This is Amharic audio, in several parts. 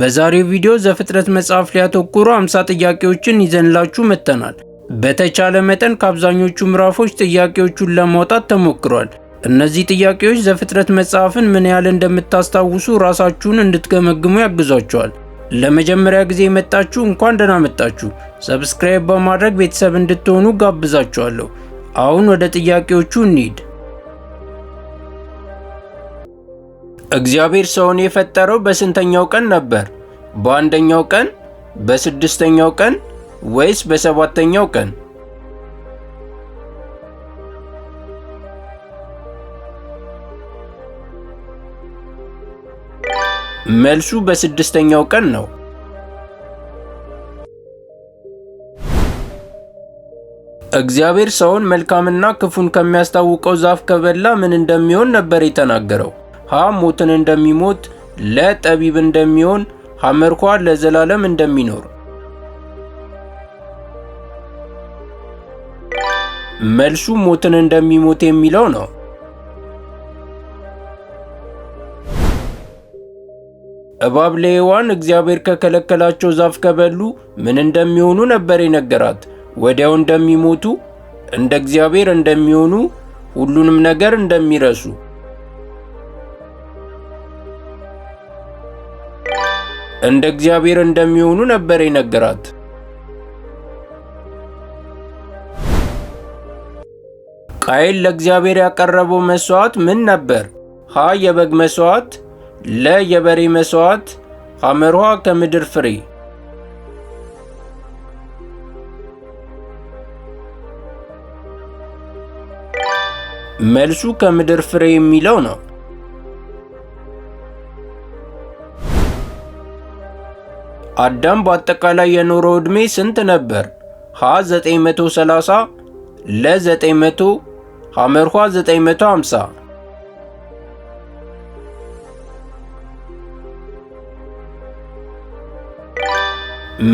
በዛሬው ቪዲዮ ዘፍጥረት መጽሐፍ ሊያተኩሩ አምሳ 50 ጥያቄዎችን ይዘንላችሁ መጥተናል። በተቻለ መጠን ከአብዛኞቹ ምዕራፎች ጥያቄዎቹን ለማውጣት ተሞክሯል። እነዚህ ጥያቄዎች ዘፍጥረት መጽሐፍን ምን ያህል እንደምታስታውሱ ራሳችሁን እንድትገመግሙ ያግዟቸዋል። ለመጀመሪያ ጊዜ የመጣችሁ እንኳን ደህና መጣችሁ። ሰብስክራይብ በማድረግ ቤተሰብ እንድትሆኑ ጋብዛችኋለሁ። አሁን ወደ ጥያቄዎቹ እንሂድ። እግዚአብሔር ሰውን የፈጠረው በስንተኛው ቀን ነበር? በአንደኛው ቀን፣ በስድስተኛው ቀን ወይስ በሰባተኛው ቀን? መልሱ በስድስተኛው ቀን ነው። እግዚአብሔር ሰውን መልካምና ክፉን ከሚያስታውቀው ዛፍ ከበላ ምን እንደሚሆን ነበር የተናገረው? ሀ ሞትን እንደሚሞት፣ ለ ጠቢብ እንደሚሆን፣ ሐመርኳ ለዘላለም እንደሚኖር። መልሱ ሞትን እንደሚሞት የሚለው ነው። እባብ ለሔዋን እግዚአብሔር ከከለከላቸው ዛፍ ከበሉ ምን እንደሚሆኑ ነበር የነገራት? ወዲያው እንደሚሞቱ፣ እንደ እግዚአብሔር እንደሚሆኑ፣ ሁሉንም ነገር እንደሚረሱ እንደ እግዚአብሔር እንደሚሆኑ ነበር የነገራት። ቃየል ለእግዚአብሔር ያቀረበው መስዋዕት ምን ነበር? ሀ የበግ መስዋዕት ለ የበሬ መስዋዕት ሐመርሃ ከምድር ፍሬ። መልሱ ከምድር ፍሬ የሚለው ነው። አዳም በአጠቃላይ የኖረው ዕድሜ ስንት ነበር? ሀ 930 ለ 900 ሐመርኋ 950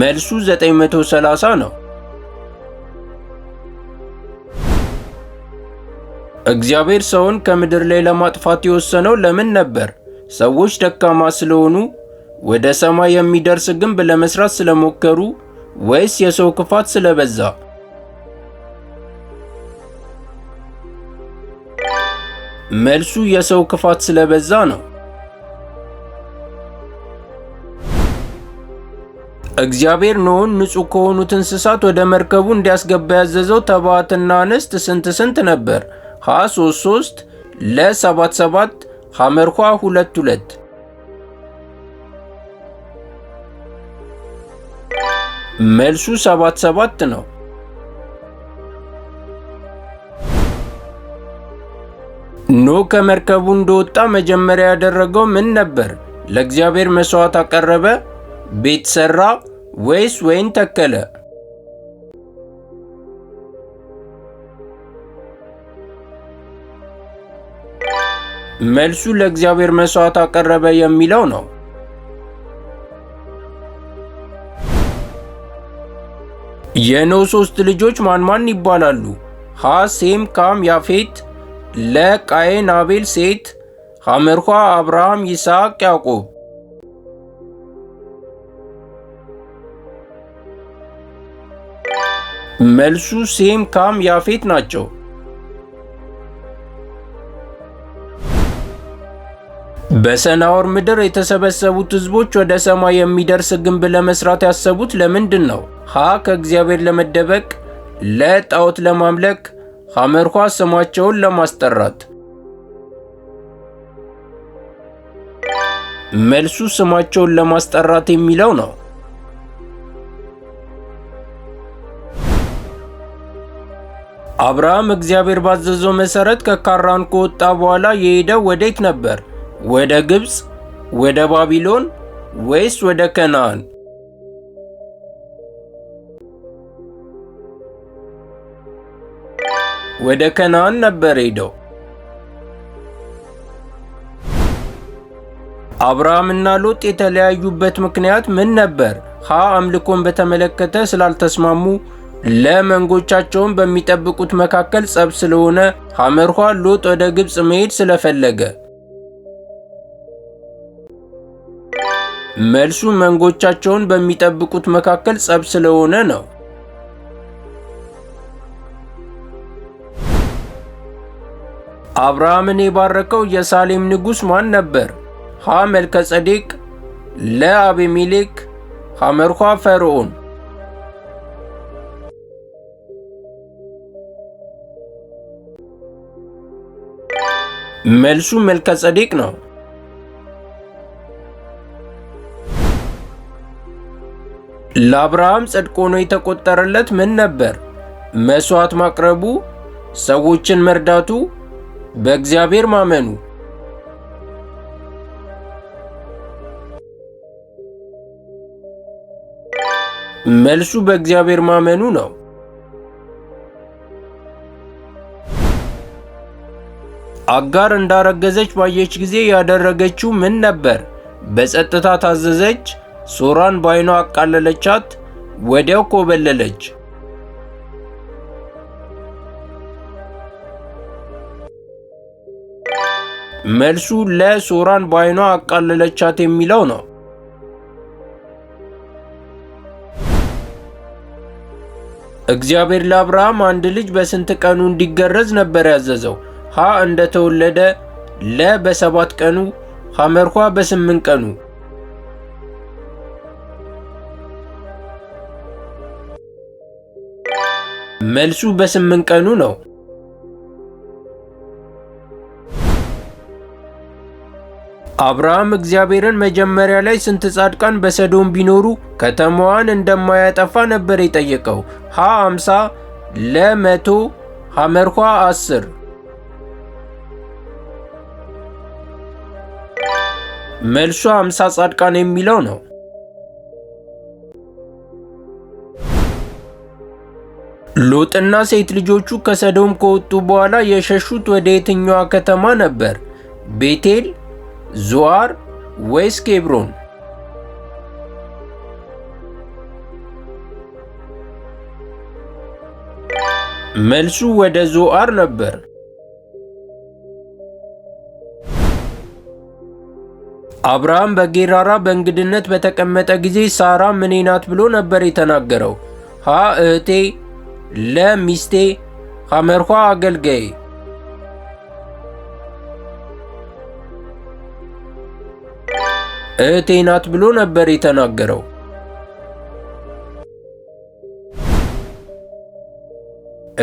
መልሱ 930 ነው። እግዚአብሔር ሰውን ከምድር ላይ ለማጥፋት የወሰነው ለምን ነበር? ሰዎች ደካማ ስለሆኑ ወደ ሰማይ የሚደርስ ግንብ ለመስራት ስለሞከሩ ወይስ የሰው ክፋት ስለበዛ? መልሱ የሰው ክፋት ስለበዛ ነው። እግዚአብሔር ኖኅን ንጹሕ ከሆኑት እንስሳት ወደ መርከቡ እንዲያስገባ ያዘዘው ተባትና እንስት ስንት ስንት ነበር? ሀ 3 3 ለ 7 7 ሐመርኳ 2 2 መልሱ ሰባት ሰባት ነው። ኖ ከመርከቡ እንደወጣ መጀመሪያ ያደረገው ምን ነበር? ለእግዚአብሔር መሥዋዕት አቀረበ? ቤት ሠራ? ወይስ ወይን ተከለ? መልሱ ለእግዚአብሔር መሥዋዕት አቀረበ የሚለው ነው። የኖ ሶስት ልጆች ማን ማን ይባላሉ? ሀ ሴም፣ ካም፣ ያፌት። ለ ቃየን፣ አቤል፣ ሴት። ሐመርኋ አብርሃም፣ ይስሐቅ፣ ያዕቆብ። መልሱ ሴም፣ ካም፣ ያፌት ናቸው። በሰናዖር ምድር የተሰበሰቡት ህዝቦች ወደ ሰማይ የሚደርስ ግንብ ለመስራት ያሰቡት ለምንድን ነው? ሀ ከእግዚአብሔር ለመደበቅ፣ ለ ለማምለክ፣ ሐመርኳ ስማቸውን ለማስጠራት። መልሱ ስማቸውን ለማስጠራት የሚለው ነው። አብርሃም እግዚአብሔር ባዘዘው መሠረት ከካራን ከወጣ በኋላ የሄደው ወዴት ነበር? ወደ ግብፅ፣ ወደ ባቢሎን ወይስ ወደ ከነዓን? ወደ ከነዓን ነበር ሄደው። አብርሃምና ሎጥ የተለያዩበት ምክንያት ምን ነበር? ሀ አምልኮን በተመለከተ ስላልተስማሙ፣ ለመንጎቻቸውን በሚጠብቁት መካከል ጸብ ስለሆነ፣ ሐመርኋ ሎጥ ወደ ግብፅ መሄድ ስለፈለገ መልሱ መንጎቻቸውን በሚጠብቁት መካከል ጸብ ስለሆነ ነው። አብርሃምን የባረከው የሳሌም ንጉሥ ማን ነበር? ሀ መልከጸዴቅ፣ ለ አቤሜሌክ፣ ሐመርኳ ፈርዖን። መልሱ መልከጸዴቅ ነው። ለአብርሃም ጽድቅ ሆኖ የተቆጠረለት ምን ነበር? መሥዋዕት ማቅረቡ፣ ሰዎችን መርዳቱ፣ በእግዚአብሔር ማመኑ። መልሱ በእግዚአብሔር ማመኑ ነው። አጋር እንዳረገዘች ባየች ጊዜ ያደረገችው ምን ነበር? በጸጥታ ታዘዘች፣ ሶራን በዓይኗ አቃለለቻት፣ ወዲያው ኮበለለች። መልሱ ለሶራን በዓይኗ አቃለለቻት የሚለው ነው። እግዚአብሔር ለአብርሃም አንድ ልጅ በስንት ቀኑ እንዲገረዝ ነበር ያዘዘው? ሀ እንደተወለደ፣ ለ በሰባት ቀኑ፣ ሐመርኳ በስምንት ቀኑ መልሱ በስምንት ቀኑ ነው። አብርሃም እግዚአብሔርን መጀመሪያ ላይ ስንት ጻድቃን በሰዶም ቢኖሩ ከተማዋን እንደማያጠፋ ነበር የጠየቀው። ሀ 50 ለ 100 ሐመርኳ 10 መልሱ 50 ጻድቃን የሚለው ነው። ሎጥና ሴት ልጆቹ ከሰዶም ከወጡ በኋላ የሸሹት ወደ የትኛዋ ከተማ ነበር? ቤቴል፣ ዞአር ወይስ ኬብሮን? መልሱ ወደ ዙዋር ነበር። አብርሃም በጌራራ በእንግድነት በተቀመጠ ጊዜ ሳራ ምኔ ናት ብሎ ነበር የተናገረው? ሀ እህቴ ለሚስቴ ኸመርኳ አገልጋይ እህቴ ናት ብሎ ነበር የተናገረው።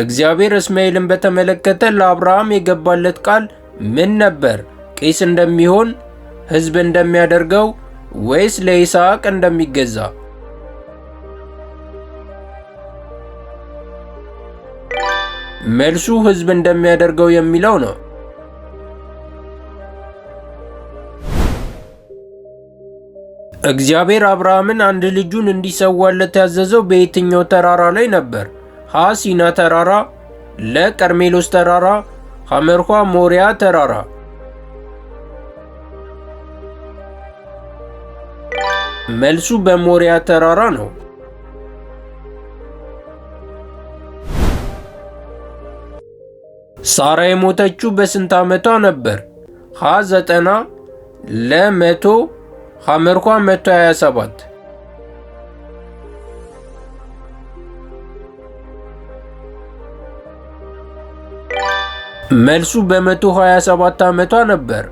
እግዚአብሔር እስማኤልን በተመለከተ ለአብርሃም የገባለት ቃል ምን ነበር? ቄስ እንደሚሆን፣ ሕዝብ እንደሚያደርገው፣ ወይስ ለይስሐቅ እንደሚገዛ? መልሱ ህዝብ እንደሚያደርገው የሚለው ነው። እግዚአብሔር አብርሃምን አንድ ልጁን እንዲሰዋለት ያዘዘው በየትኛው ተራራ ላይ ነበር? ሀ ሲና ተራራ፣ ለ ቀርሜሎስ ተራራ፣ ሐመርኳ ሞሪያ ተራራ። መልሱ በሞሪያ ተራራ ነው። ሳራ የሞተችው በስንት ዓመቷ ነበር? ሀ 90 ለ 100 ሐ መርኳ 127 መልሱ በ127 ዓመቷ ነበር።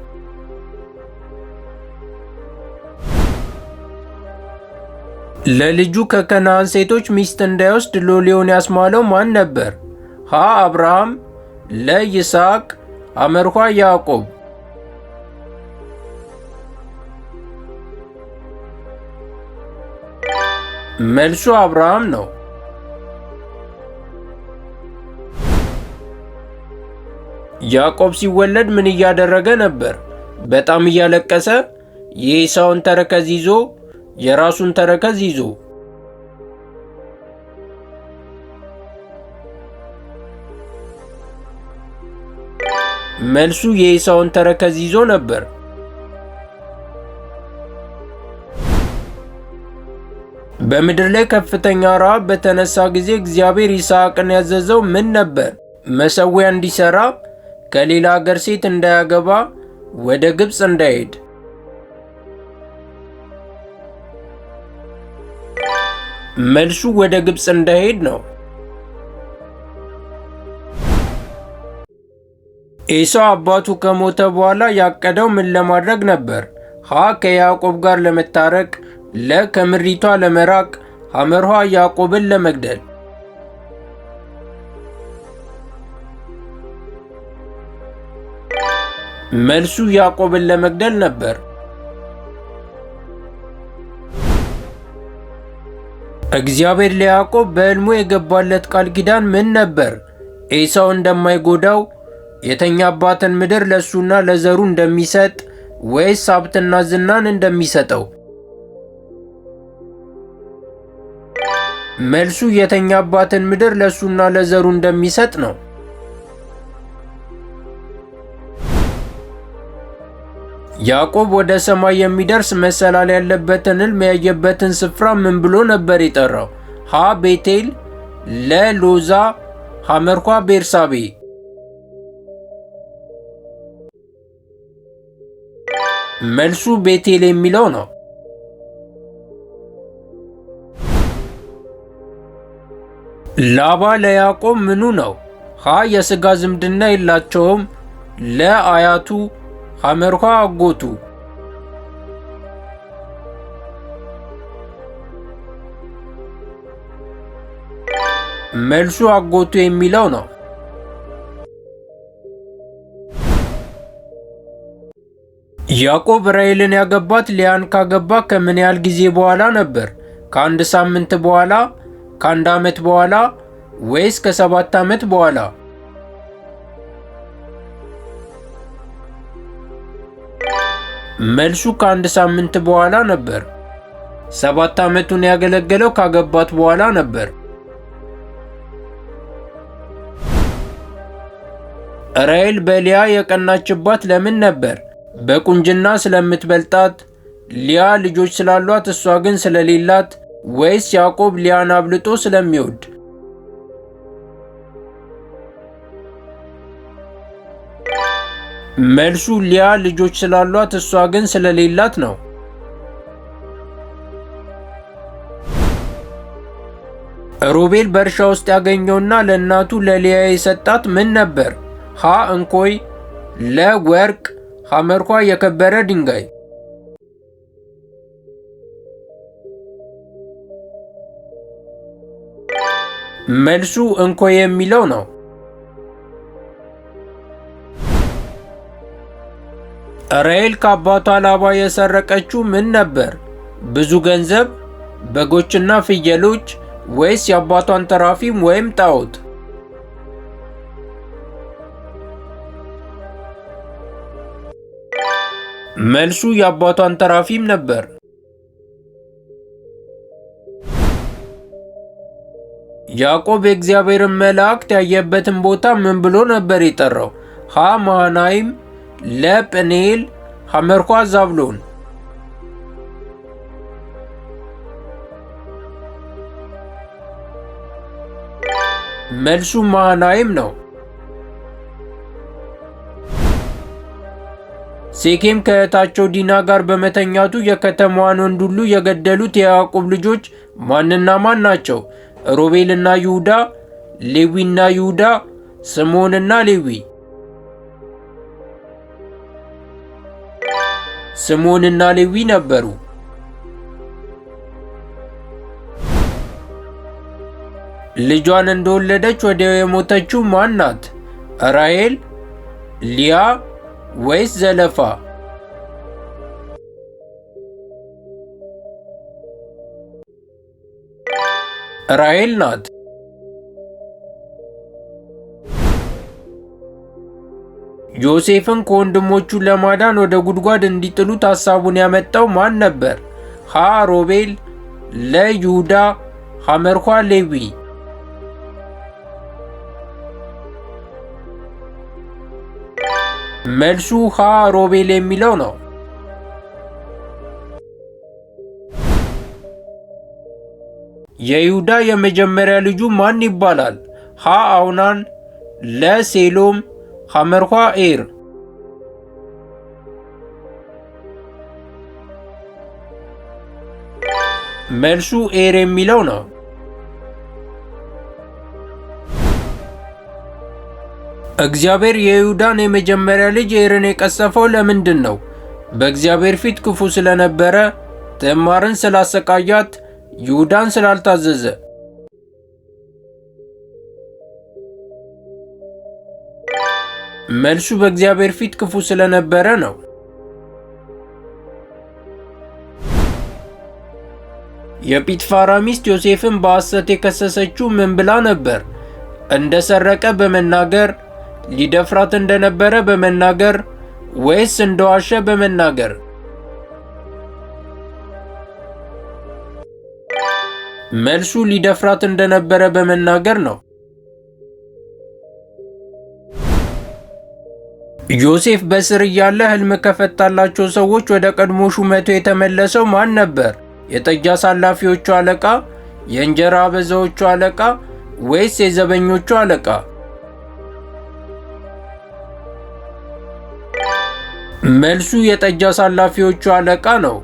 ለልጁ ከከነዓን ሴቶች ሚስት እንዳይወስድ ሎሌውን ያስማለው ማን ነበር? ሀ አብርሃም ለይስሐቅ አመርኳ ያዕቆብ መልሱ አብርሃም ነው። ያዕቆብ ሲወለድ ምን እያደረገ ነበር? በጣም እያለቀሰ የኤሳውን ተረከዝ ይዞ የራሱን ተረከዝ ይዞ መልሱ የኢሳውን ተረከዝ ይዞ ነበር። በምድር ላይ ከፍተኛ ረሃብ በተነሳ ጊዜ እግዚአብሔር ይስሐቅን ያዘዘው ምን ነበር? መሠዊያ እንዲሠራ፣ ከሌላ አገር ሴት እንዳያገባ፣ ወደ ግብፅ እንዳይሄድ። መልሱ ወደ ግብፅ እንዳይሄድ ነው። ኤሳው አባቱ ከሞተ በኋላ ያቀደው ምን ለማድረግ ነበር? ሀ ከያዕቆብ ጋር ለመታረቅ፣ ለ ከምሪቷ ለመራቅ፣ ሐመርሃ ያዕቆብን ለመግደል። መልሱ ያዕቆብን ለመግደል ነበር። እግዚአብሔር ለያዕቆብ በሕልሙ የገባለት ቃል ኪዳን ምን ነበር? ኤሳው እንደማይጎዳው የተኛባትን ምድር ለእሱና ለዘሩ እንደሚሰጥ ወይስ ሀብትና ዝናን እንደሚሰጠው? መልሱ የተኛባትን ምድር ለእሱና ለዘሩ እንደሚሰጥ ነው። ያዕቆብ ወደ ሰማይ የሚደርስ መሰላል ያለበትን ሕልም ያየበትን ስፍራ ምን ብሎ ነበር የጠራው? ሀ ቤቴል፣ ለ ሎዛ፣ ሐመርኳ ቤርሳቤ መልሱ ቤቴል የሚለው ነው። ላባ ለያዕቆብ ምኑ ነው? ሀ የሥጋ ዝምድና የላቸውም። ለ አያቱ፣ ሐመርኳ አጎቱ። መልሱ አጎቱ የሚለው ነው። ያዕቆብ ራይልን ያገባት ሊያን ካገባ ከምን ያህል ጊዜ በኋላ ነበር? ከአንድ ሳምንት በኋላ? ከአንድ ዓመት በኋላ? ወይስ ከሰባት ዓመት በኋላ? መልሱ ከአንድ ሳምንት በኋላ ነበር። ሰባት ዓመቱን ያገለገለው ካገባት በኋላ ነበር። ራሔል በሊያ የቀናችባት ለምን ነበር? በቁንጅና ስለምትበልጣት ሊያ ልጆች ስላሏት እሷ ግን ስለሌላት፣ ወይስ ያዕቆብ ሊያን አብልጦ ስለሚወድ? መልሱ ሊያ ልጆች ስላሏት እሷ ግን ስለሌላት ነው። ሮቤል በእርሻ ውስጥ ያገኘውና ለእናቱ ለሊያ የሰጣት ምን ነበር? ሀ እንኮይ፣ ለ ወርቅ፣ ሐመርኳ የከበረ ድንጋይ መልሱ እንኮ የሚለው ነው። ራሔል ከአባቷ ላባ የሰረቀችው ምን ነበር? ብዙ ገንዘብ፣ በጎችና ፍየሎች፣ ወይስ የአባቷን ተራፊም ወይም ጣዖት? መልሱ የአባቷን ተራፊም ነበር። ያዕቆብ የእግዚአብሔርን መላእክት ያየበትን ቦታ ምን ብሎ ነበር የጠራው? ሃ ማናይም፣ ለ ጵኔል፣ ሐመርኳ ዛብሎን። መልሱ ማናይም ነው። ሴኬም ከእህታቸው ዲና ጋር በመተኛቱ የከተማዋን ወንድ ሁሉ የገደሉት የያዕቆብ ልጆች ማንና ማን ናቸው? ሮቤልና ይሁዳ፣ ሌዊና ይሁዳ፣ ስምዖንና ሌዊ። ስምዖንና ሌዊ ነበሩ። ልጇን እንደወለደች ወዲያው የሞተችው ማን ናት? ራሔል፣ ሊያ ወይስ ዘለፋ? ራሔል ናት። ዮሴፍን ከወንድሞቹ ለማዳን ወደ ጉድጓድ እንዲጥሉት ሐሳቡን ያመጣው ማን ነበር? ሀ ሮቤል፣ ለይሁዳ፣ ሐመርኳ ሌዊ መልሱ ሃ ሮቤል የሚለው ነው። የይሁዳ የመጀመሪያ ልጁ ማን ይባላል? ሀ አውናን፣ ለ ሴሎም፣ ሐመርኋ ኤር። መልሱ ኤር የሚለው ነው። እግዚአብሔር የይሁዳን የመጀመሪያ ልጅ ኤርን የቀሰፈው ለምንድን ነው? በእግዚአብሔር ፊት ክፉ ስለነበረ፣ ትዕማርን ስላሰቃያት፣ ይሁዳን ስላልታዘዘ። መልሱ በእግዚአብሔር ፊት ክፉ ስለነበረ ነው። የጲጥፋራ ሚስት ዮሴፍን በሐሰት የከሰሰችው ምን ብላ ነበር? እንደሰረቀ በመናገር ሊደፍራት እንደነበረ በመናገር ወይስ እንደዋሸ በመናገር? መልሱ ሊደፍራት እንደነበረ በመናገር ነው። ዮሴፍ በስር እያለ ህልም ከፈታላቸው ሰዎች ወደ ቀድሞ ሹመቱ የተመለሰው ማን ነበር? የጠጅ አሳላፊዎቹ አለቃ፣ የእንጀራ አበዛዎቹ አለቃ ወይስ የዘበኞቹ አለቃ? መልሱ የጠጅ አሳላፊዎቹ አለቃ ነው።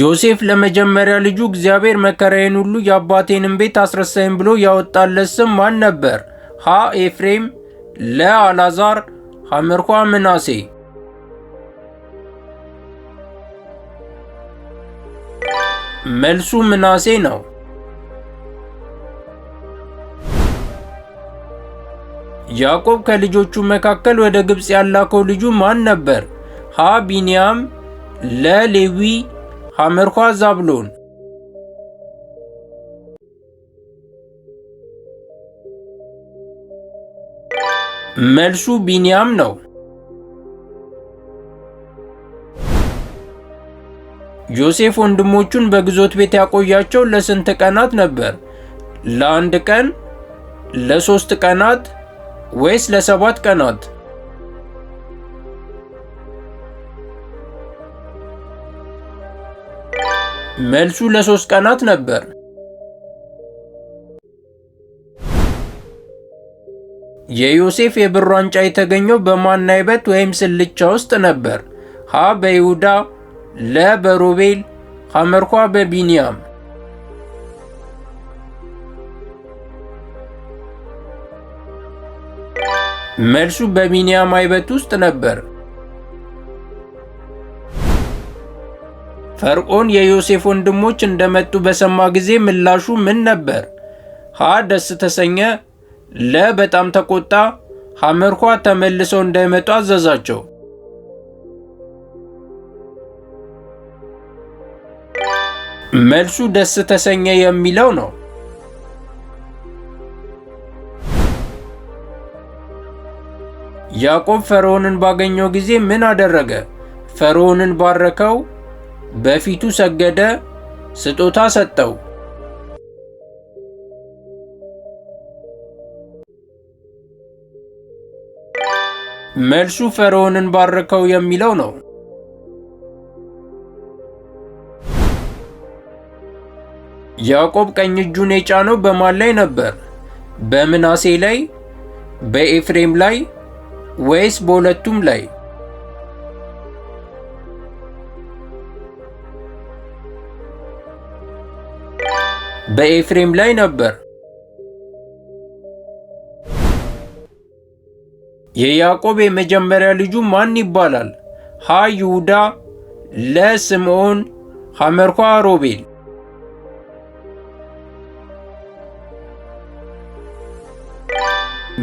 ዮሴፍ ለመጀመሪያ ልጁ እግዚአብሔር መከራዬን ሁሉ የአባቴንም ቤት አስረሳኝ ብሎ ያወጣለት ስም ማን ነበር? ሀ ኤፍሬም፣ ለ አላዛር ሐመርኳ ምናሴ። መልሱ ምናሴ ነው። ያዕቆብ ከልጆቹ መካከል ወደ ግብፅ ያላከው ልጁ ማን ነበር? ሀ ቢንያም፣ ለ ሌዊ፣ ሐመርኳ ዛብሎን። መልሱ ቢንያም ነው። ዮሴፍ ወንድሞቹን በግዞት ቤት ያቆያቸው ለስንት ቀናት ነበር? ለአንድ ቀን፣ ለሶስት ቀናት ወይስ ለሰባት ቀናት? መልሱ ለሶስት ቀናት ነበር። የዮሴፍ የብር ዋንጫ የተገኘው በማናይበት ወይም ስልቻ ውስጥ ነበር። ሀ በይሁዳ፣ ለ በሮቤል፣ ሐመርኳ በቢንያም መልሱ በቢንያም አይበት ውስጥ ነበር። ፈርዖን የዮሴፍ ወንድሞች እንደመጡ በሰማ ጊዜ ምላሹ ምን ነበር? ሀ ደስ ተሰኘ፣ ለ በጣም ተቆጣ፣ ሐመርኳ ተመልሰው እንዳይመጡ አዘዛቸው። መልሱ ደስ ተሰኘ የሚለው ነው። ያዕቆብ ፈርዖንን ባገኘው ጊዜ ምን አደረገ? ፈርዖንን ባረከው፣ በፊቱ ሰገደ፣ ስጦታ ሰጠው። መልሱ ፈርዖንን ባረከው የሚለው ነው። ያዕቆብ ቀኝ እጁን የጫነው በማን ላይ ነበር? በምናሴ ላይ፣ በኤፍሬም ላይ ወይስ በሁለቱም ላይ? በኤፍሬም ላይ ነበር። የያዕቆብ የመጀመሪያ ልጁ ማን ይባላል? ሀ ይሁዳ፣ ለ ስምዖን፣ ሐመርኳ ሮቤል።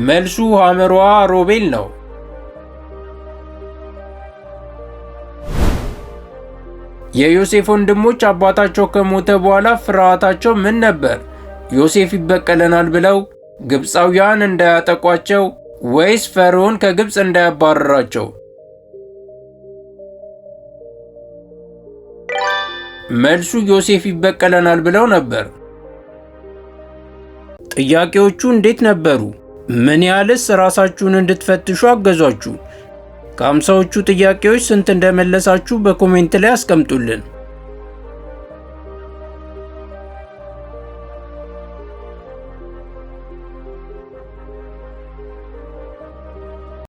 መልሱ ሐመርዋ ሮቤል ነው። የዮሴፍ ወንድሞች አባታቸው ከሞተ በኋላ ፍርሃታቸው ምን ነበር? ዮሴፍ ይበቀለናል ብለው ግብፃውያን እንዳያጠቋቸው ወይስ ፈርዖን ከግብፅ እንዳያባረራቸው? መልሱ ዮሴፍ ይበቀለናል ብለው ነበር። ጥያቄዎቹ እንዴት ነበሩ? ምን ያህልስ ራሳችሁን እንድትፈትሹ አገዟችሁ? ከአምሳዎቹ ጥያቄዎች ስንት እንደመለሳችሁ በኮሜንት ላይ አስቀምጡልን።